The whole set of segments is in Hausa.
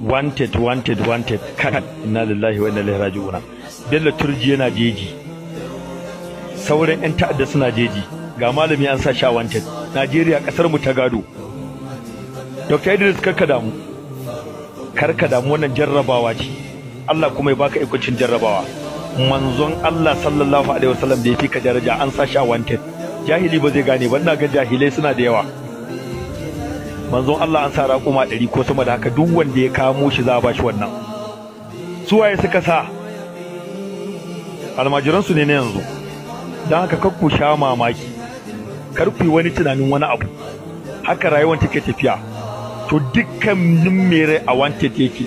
wanted wanted wanted kan inna lillahi wa inna ilaihi raji'un bello turji yana jeji sauran yan ta'adda suna jeji ga malami an sa sha wanted Najeriya kasar mu ta gado Dr. Idris karka damu karka damu wannan jarrabawa ce Allah kuma ya baka ikucin jarrabawa manzon Allah sallallahu alaihi wasallam da ya fi ka daraja an sa sha wanted jahili ba zai gane ba ina ga jahilai suna da yawa manzon Allah an sa raƙuma ɗari ko sama da haka duk wanda ya kamo shi za a bashi wannan suwaye suka sa almajiransu ne na yanzu Dan haka kakku sha mamaki karfi yi wani tunanin wani abu haka rayuwar take tafiya to dukkan mere a wanted yake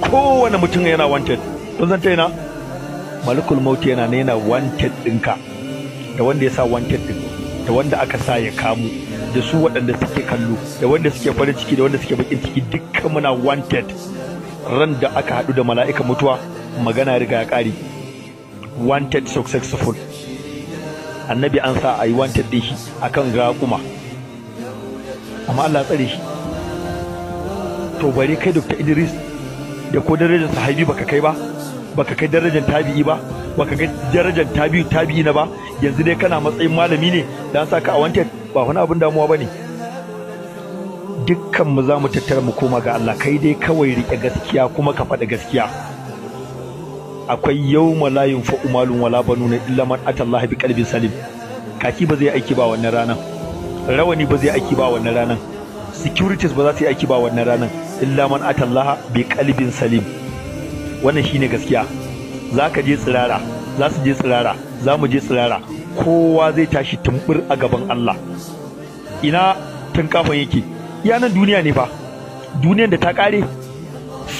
kowane mutum yana wanted don san taina malikul mauti yana ne yana wanted ɗinka da wanda ya sa wanted ɗin da wanda aka sa ya kamu da su waɗanda suke kallo da wanda suke farin ciki da wanda suke bakin ciki dukkan muna wanted ran da aka haɗu da mala'ika mutuwa magana riga ya ƙare wanted successful annabi an sa a yi wanted ɗin shi akan raƙuma amma Allah tsare shi to bari kai Dr. Idris da ko darajar sahabi baka kai ba baka kai darajar tabi'i ba baka ga darajar tabi'u tabi'i na ba yanzu dai kana matsayin malami ne dan saka a wanted ba wani abin damuwa bane dukkan mu za mu tattara mu koma ga Allah kai dai kawai rike gaskiya kuma ka faɗi gaskiya akwai yawma la yunfa'u umalun wala banuna illa man atallaha bi qalbin salim kaki ba zai aiki ba wannan ranan rawani ba zai aiki ba wannan ranan securities ba za su yi aiki ba wannan ranan illa man atallaha bi qalbin salim wannan shine gaskiya za ka je tsirara za su je tsirara za mu je tsirara kowa zai tashi tumbur a gaban Allah ina tun kafin yake yanan duniya ne fa duniyan da ta kare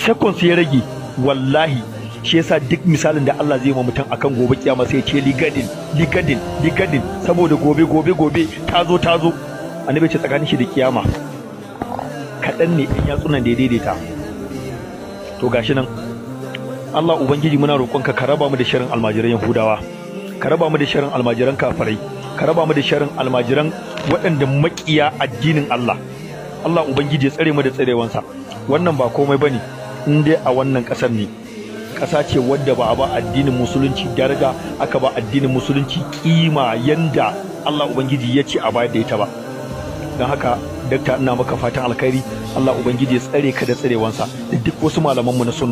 su ya rage wallahi shi yasa duk misalin da Allah zai ma mutum akan gobe kiyama sai ce ligadin ligadin ligadin saboda gobe gobe gobe tazo tazo annabi ce tsakanin shi da kiyama kaɗan ne in yatsunan da ya daidaita to gashi nan Allah ubangiji muna roƙonka ka raba mu da shirin almajiran Yahudawa ka raba mu da shirin almajiran kafirai ka raba mu da shirin almajiran waɗanda maƙiya addinin Allah Allah ubangiji ya tsare mu da tsarewansa wannan ba komai bane in dai a wannan ƙasar ne ƙasa ce wadda ba a ba addinin musulunci daraja aka ba addinin musulunci kima yanda Allah ubangiji ya ce a bayar da ita ba don haka dakta ina maka fatan alkhairi Allah ubangiji ya tsare ka da tsarewansa da duk wasu malamanmu na sunna